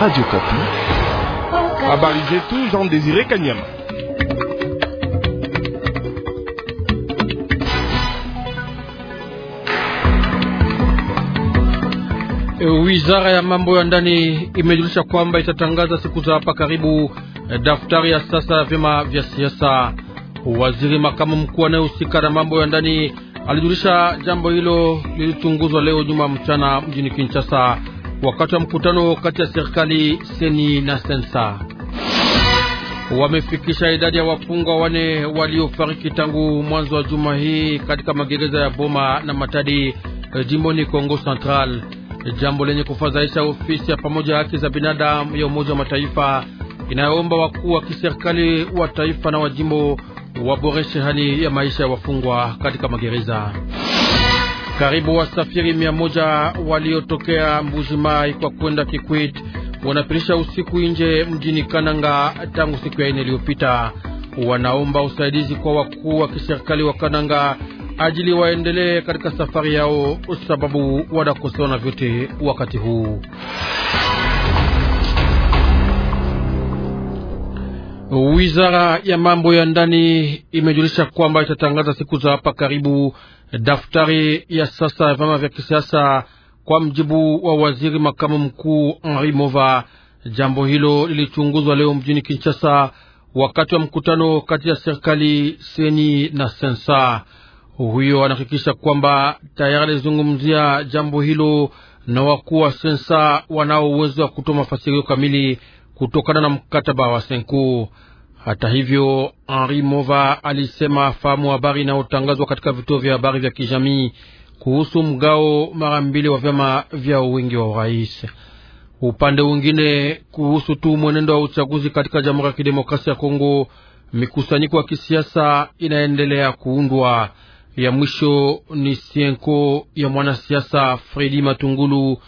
Radio Kapi. Habari zetu Jean Désiré Kanyama. Wizara ya mambo ya ndani imejulisha kwamba itatangaza siku za hapa karibu eh, daftari ya sasa ya vyama vya siasa. Waziri makamu mkuu anayehusika na mambo ya ndani alijulisha jambo hilo lilichunguzwa leo nyuma mchana mjini Kinshasa wakati wa mkutano kati ya serikali seni na sensa. Wamefikisha idadi ya wafungwa wane waliofariki tangu mwanzo wa juma hii katika magereza ya Boma na Matadi eh, jimboni Kongo Central, jambo lenye kufadhaisha ofisi ya pamoja haki za binadamu ya Umoja wa Mataifa inayoomba wakuu wa kiserikali wa taifa na wa jimbo waboreshe hali ya maisha ya wafungwa katika magereza. Karibu wasafiri mia moja waliotokea Mbujimai kwa kwenda Kikwit wanapitisha usiku nje mjini Kananga tangu siku ya ine iliyopita. Wanaomba usaidizi kwa wakuu wa kiserikali wa Kananga ajili waendelee katika safari yao, sababu wanakosewa na vyote wakati huu. Wizara ya mambo ya ndani imejulisha kwamba itatangaza siku za hapa karibu daftari ya sasa ya vyama vya kisiasa kwa mjibu wa waziri makamu mkuu Henri Mova. Jambo hilo lilichunguzwa leo mjini Kinshasa wakati wa mkutano kati ya serikali seni na sensa. Huyo anahakikisha kwamba tayari alizungumzia jambo hilo na wakuu wa sensa wanao uwezo wa kutoa mafasirio kamili kutokana na mkataba wa senkuu. Hata hivyo, Henri Mova alisema afahamu habari inayotangazwa katika vituo vya habari vya kijamii kuhusu mgao mara mbili wa vyama vya wingi wa urais. Upande mwingine, kuhusu tu mwenendo wa uchaguzi katika Jamhuri ya Kidemokrasia ya Kongo, mikusanyiko ya kisiasa inaendelea kuundwa. Ya mwisho ni sienko ya mwanasiasa Fredi Matungulu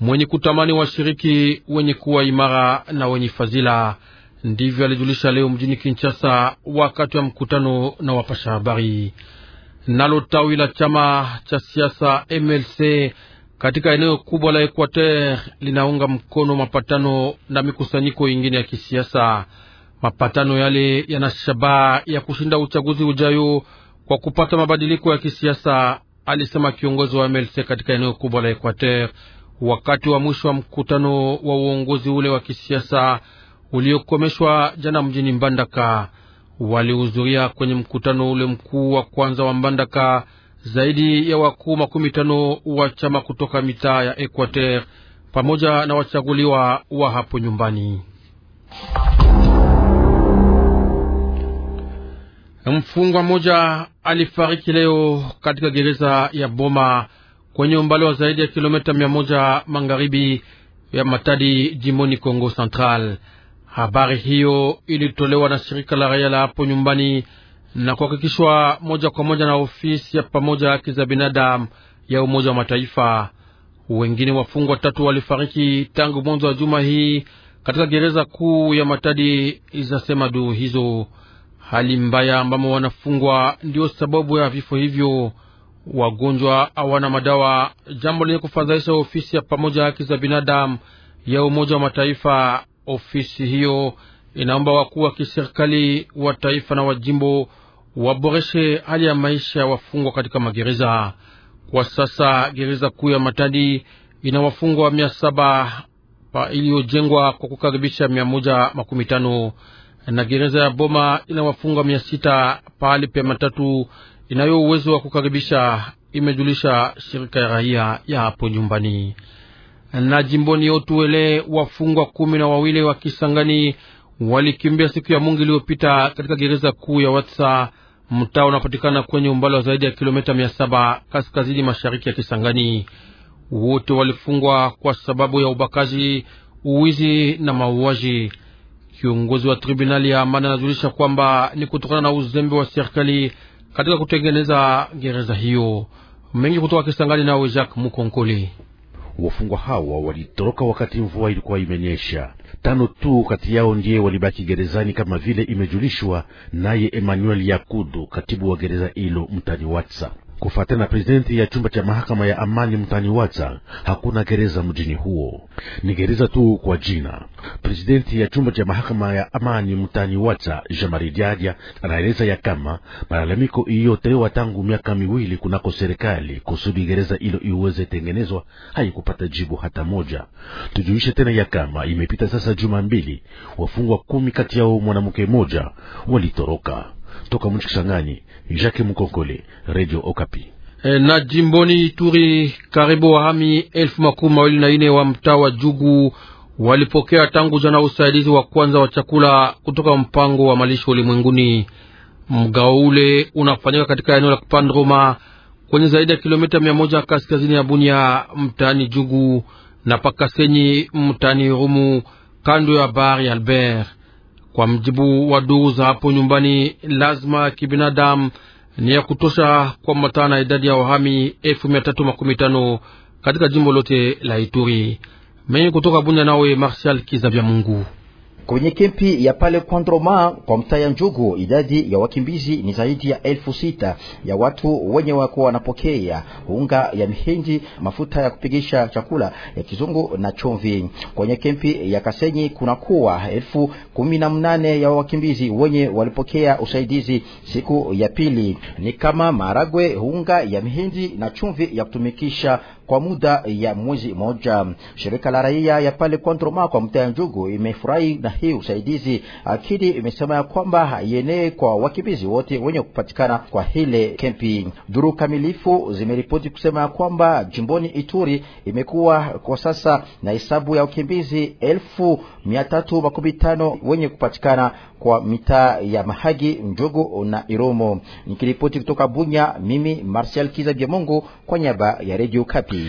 mwenye kutamani washiriki wenye kuwa imara na wenye fadhila. Ndivyo alijulisha leo mjini Kinshasa wakati wa mkutano na wapasha habari. Nalo tawi la chama cha siasa MLC katika eneo kubwa la Equateur linaunga mkono mapatano na mikusanyiko ingine ya kisiasa. Mapatano yale yana shabaha ya kushinda uchaguzi ujayo kwa kupata mabadiliko ya kisiasa, alisema kiongozi wa MLC katika eneo kubwa la Equateur wakati wa mwisho wa mkutano wa uongozi ule wa kisiasa uliokomeshwa jana mjini Mbandaka. Walihudhuria kwenye mkutano ule mkuu wa kwanza wa Mbandaka zaidi ya wakuu makumi tano wa chama kutoka mitaa ya Equateur pamoja na wachaguliwa wa hapo nyumbani. Mfungwa mmoja alifariki leo katika gereza ya Boma kwenye umbali wa zaidi ya kilomita mia moja magharibi ya Matadi, jimboni congo Central. Habari hiyo ilitolewa na shirika la raia la hapo nyumbani na kuhakikishwa moja kwa moja na ofisi ya pamoja ya haki za binadamu ya Umoja wa Mataifa. Wengine wafungwa tatu walifariki tangu mwanzo wa juma hii katika gereza kuu ya Matadi, zasema duru hizo. Hali mbaya ambamo wanafungwa ndio sababu ya vifo hivyo. Wagonjwa hawana madawa, jambo lenye kufadhaisha ofisi ya pamoja haki za binadamu ya Umoja wa Mataifa Ofisi hiyo inaomba wakuu wa kiserikali wa taifa na wajimbo waboreshe hali ya maisha ya wafungwa katika magereza. Kwa sasa gereza kuu ya Matadi ina wafungwa mia saba iliyojengwa kwa kukaribisha mia moja makumi tano na gereza ya Boma ina wafungwa mia sita pahali pia matatu inayo uwezo wa kukaribisha, imejulisha shirika ya raia ya hapo nyumbani na jimboni Otuele wafungwa kumi na wawili wa Kisangani walikimbia siku ya Mungu iliyopita katika gereza kuu ya Watsa, mtaa unapatikana kwenye umbali wa zaidi ya kilomita mia saba kaskazini mashariki ya Kisangani. Wote walifungwa kwa sababu ya ubakaji, uwizi na mauaji. Kiongozi wa tribunali ya amani anajulisha kwamba ni kutokana na uzembe wa serikali katika kutengeneza gereza hiyo. Mengi kutoka Kisangani, nawe Jacques Mukonkoli. Wafungwa hawa walitoroka wakati mvua ilikuwa imenyesha. Tano tu kati yao ndiye walibaki gerezani kama vile imejulishwa naye Emmanuel Yakudu, katibu wa gereza hilo mtani Watsa. Kufuatana na prezidenti ya chumba cha mahakama ya amani mtani Wacha, hakuna gereza mjini huo, ni gereza tu kwa jina. Prezidenti ya chumba cha mahakama ya amani mtani Wacha, Jamari Diadia, anaeleza ya kama malalamiko iliyotolewa tangu miaka miwili kunako serikali kusudi gereza hilo iweze tengenezwa haikupata jibu hata moja. Tujulishe tena ya kama imepita sasa juma mbili, wafungwa kumi kati yao mwanamke mmoja walitoroka kutoka mji Kisangani, Jacques Mkonkole, Radio Okapi. E, na jimboni Ituri karibu wahami elfu makumi mawili na ine wa mtaa wa Jugu walipokea tangu jana usaidizi wa kwanza wa chakula kutoka mpango wa malisho ulimwenguni. Mgao ule unafanyika katika eneo la Kupandroma kwenye zaidi ya kilomita mia moja kaskazini ya Bunia mtaani Jugu na Pakasenyi mtaani Rumu kando ya bahari Albert. Kwa mjibu wa ndugu za hapo nyumbani, lazima ya kibinadamu ni ya kutosha kuambatana na idadi ya wahami elfu mia tatu makumi tano katika jimbo lote la Ituri. Mengi kutoka Bunya, nawe Marshal Kizabya Mungu. Kwenye kempi ya pale Kwandroma kwa mtaa ya Njugu, idadi ya wakimbizi ni zaidi ya elfu sita ya watu wenye wako wanapokea unga ya mihindi, mafuta ya kupigisha chakula ya kizungu na chumvi. Kwenye kempi ya Kasenyi kunakuwa elfu kumi na mnane ya wakimbizi wenye walipokea usaidizi siku ya pili, ni kama maharagwe, unga ya mihindi na chumvi ya kutumikisha kwa muda ya mwezi moja. Shirika la raia ya pale Kontroma kwa mtaa Njugu imefurahi na hii usaidizi. Akidi imesema ya kwamba ienee kwa wakimbizi wote wenye kupatikana kwa hile kempi. Duru kamilifu zimeripoti kusema ya kwamba jimboni Ituri imekuwa kwa sasa na hesabu ya wakimbizi elfu mia tatu makumi tano wenye kupatikana kwa mitaa ya Mahagi, Njogo na Iromo. Nikiripoti kutoka Bunya, mimi Martial Kiza Biamungu kwa nyaba ya Radio Kapi.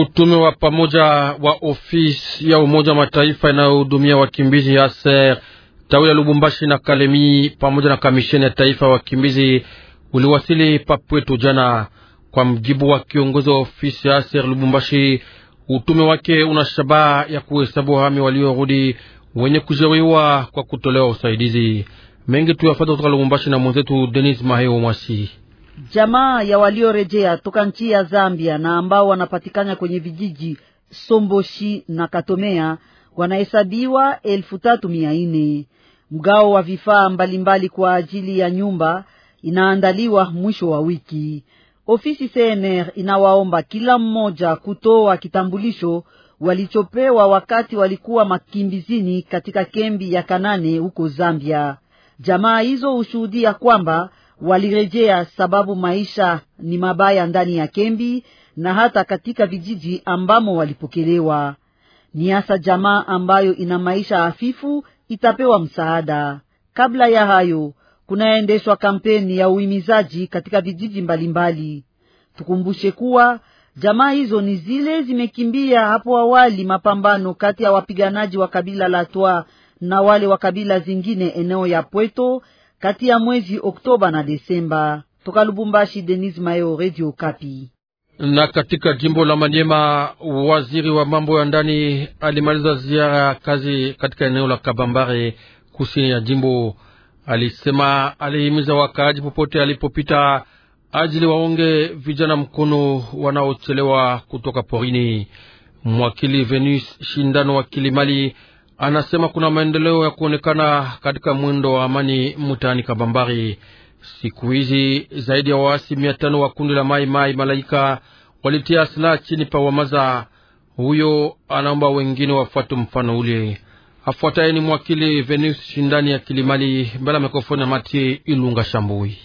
Utume wa pamoja wa ofisi ya Umoja Mataifa inayohudumia wakimbizi aser tawi la Lubumbashi na Kalemi pamoja na kamisheni ya taifa ya wakimbizi uliwasili papwetu jana. Kwa mjibu wa kiongozi wa ofisi ya aser Lubumbashi, utume wake una shabaha ya kuhesabu wahami waliorudi wenye kujeruhiwa kwa kutolewa usaidizi. Mengi tuyafata kutoka Lubumbashi na mwenzetu Denis Maheo Mwasi. Jamaa ya waliorejea toka nchi ya Zambia na ambao wanapatikana kwenye vijiji Somboshi na Katomea wanahesabiwa elfu tatu mia nne. Mgao wa vifaa mbalimbali kwa ajili ya nyumba inaandaliwa mwisho wa wiki. Ofisi CNR inawaomba kila mmoja kutoa kitambulisho walichopewa wakati walikuwa makimbizini katika kembi ya Kanane huko Zambia. Jamaa hizo hushuhudia kwamba walirejea sababu maisha ni mabaya ndani ya kembi na hata katika vijiji ambamo walipokelewa. Ni hasa jamaa ambayo ina maisha hafifu itapewa msaada. Kabla ya hayo, kunaendeshwa kampeni ya uhimizaji katika vijiji mbalimbali. Tukumbushe kuwa Jamaa hizo ni zile zimekimbia hapo awali mapambano kati ya wapiganaji wa kabila la Twa na wale wa kabila zingine eneo ya Pweto kati ya mwezi Oktoba na Desemba. Toka Lubumbashi, Denis Mayo, Radio Kapi. Na katika jimbo la Manyema, waziri wa mambo ya ndani alimaliza ziara ya kazi katika eneo la Kabambare kusini ya jimbo. Alisema alihimiza wakaaji popote alipopita ajili waonge vijana mkono wanaochelewa kutoka porini. Mwakili Venus Shindano wa Kilimali anasema kuna maendeleo ya kuonekana katika mwendo wa amani mtaani Kabambari. Siku hizi zaidi ya waasi mia tano wa kundi la Mai Mai Malaika walitia silaha chini pa Wamaza. Huyo anaomba wengine wafuate mfano ule. Afuataye ni mwakili Venus Shindani ya Kilimali, mbele ya mikrofoni ya Mati Ilunga Shambui.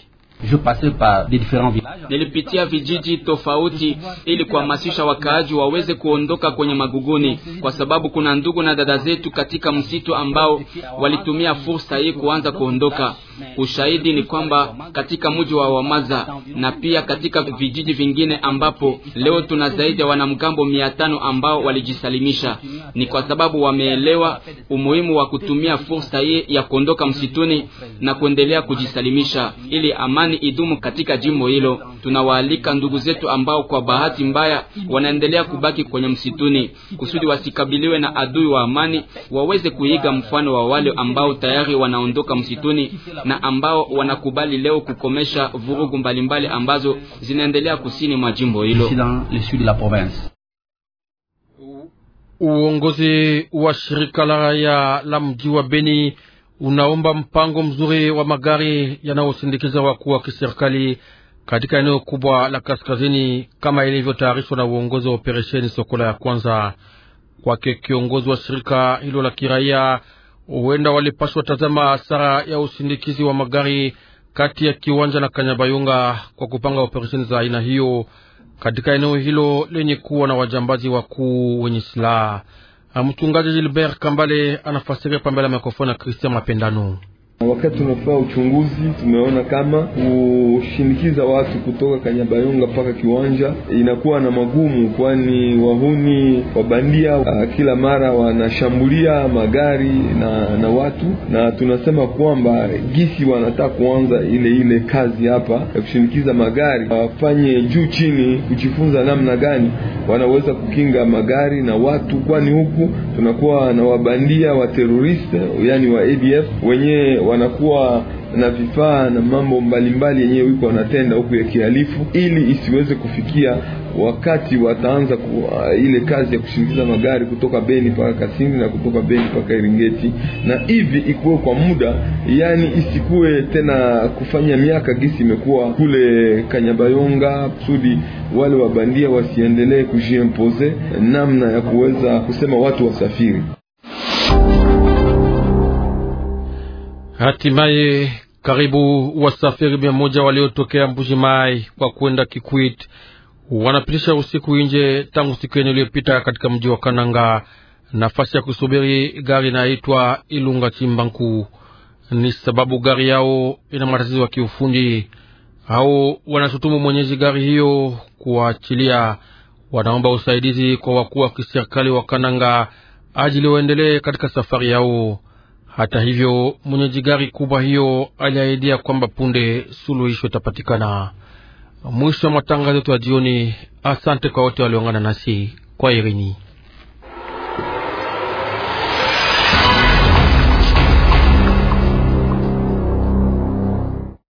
Nilipitia vijiji tofauti ili kuhamasisha wakaaji waweze kuondoka kwenye maguguni, kwa sababu kuna ndugu na dada zetu katika msitu ambao walitumia fursa hii kuanza kuondoka. Ushahidi ni kwamba katika mji wa Wamaza na pia katika vijiji vingine ambapo leo tuna zaidi ya wanamgambo mia tano ambao walijisalimisha, ni kwa sababu wameelewa umuhimu wa kutumia fursa hii ya kuondoka msituni na kuendelea kujisalimisha ili amani idumu katika jimbo hilo. Tunawaalika ndugu zetu ambao kwa bahati mbaya wanaendelea kubaki kwenye msituni kusudi wasikabiliwe na adui wa amani, waweze kuiga mfano wa wale ambao tayari wanaondoka msituni na ambao wanakubali leo kukomesha vurugu mbalimbali ambazo zinaendelea kusini mwa jimbo hilo. Uongozi wa shirika la raia la mji wa Beni unaomba mpango mzuri wa magari yanayosindikiza wakuu wa kiserikali katika eneo kubwa la kaskazini kama ilivyotayarishwa na uongozi wa operesheni Sokola ya kwanza. Kwake kiongozi wa shirika hilo la kiraia huenda walipaswa tazama hasara ya usindikizi wa magari kati ya Kiwanja na Kanyabayonga kwa kupanga operesheni za aina hiyo katika eneo hilo lenye kuwa na wajambazi wakuu wenye silaha. Mchungaji Gilbert Kambale anafasiria pambele ya mikrofoni ya Christian Mapendano. Wakati tunafaa uchunguzi tumeona kama kushinikiza watu kutoka Kanyabayonga mpaka kiwanja inakuwa na magumu, kwani wahuni wabandia uh, kila mara wanashambulia magari na, na watu, na tunasema kwamba gisi wanataka kuanza ile ile kazi hapa ya kushinikiza magari, wafanye uh, juu chini kujifunza namna gani wanaweza kukinga magari na watu, kwani huku tunakuwa na wabandia wa teroriste, yani wa ADF wenyewe wanakuwa na vifaa na mambo mbalimbali yenyewe wiko wanatenda huku ya kihalifu, ili isiweze kufikia wakati wataanza ku, uh, ile kazi ya kushindiza magari kutoka Beni mpaka Kasindi na kutoka Beni mpaka Iringeti, na hivi ikuwe kwa muda, yani isikuwe tena kufanya miaka gisi imekuwa kule Kanyabayonga, kusudi wale wabandia wasiendelee kujiempoze namna ya kuweza kusema watu wasafiri. Hatimaye karibu wasafiri mia moja waliotokea Mbuji Mai kwa kwenda Kikwit wanapitisha usiku nje tangu siku yenye iliyopita katika mji wa Kananga. Nafasi ya kusubiri gari inaitwa Ilunga Chimbanku ni sababu gari yao ina matatizo ya kiufundi. au wanashutumu mwenyeji gari hiyo kuwaachilia. Wanaomba usaidizi kwa wakuu wa kiserikali wa Kananga ajili waendelee katika safari yao. Hata hivyo mwenyeji gari kubwa hiyo aliahidia kwamba punde suluhisho itapatikana. Mwisho wa matangazo yetu ya jioni. Asante kwa wote walioungana nasi kwa Irini.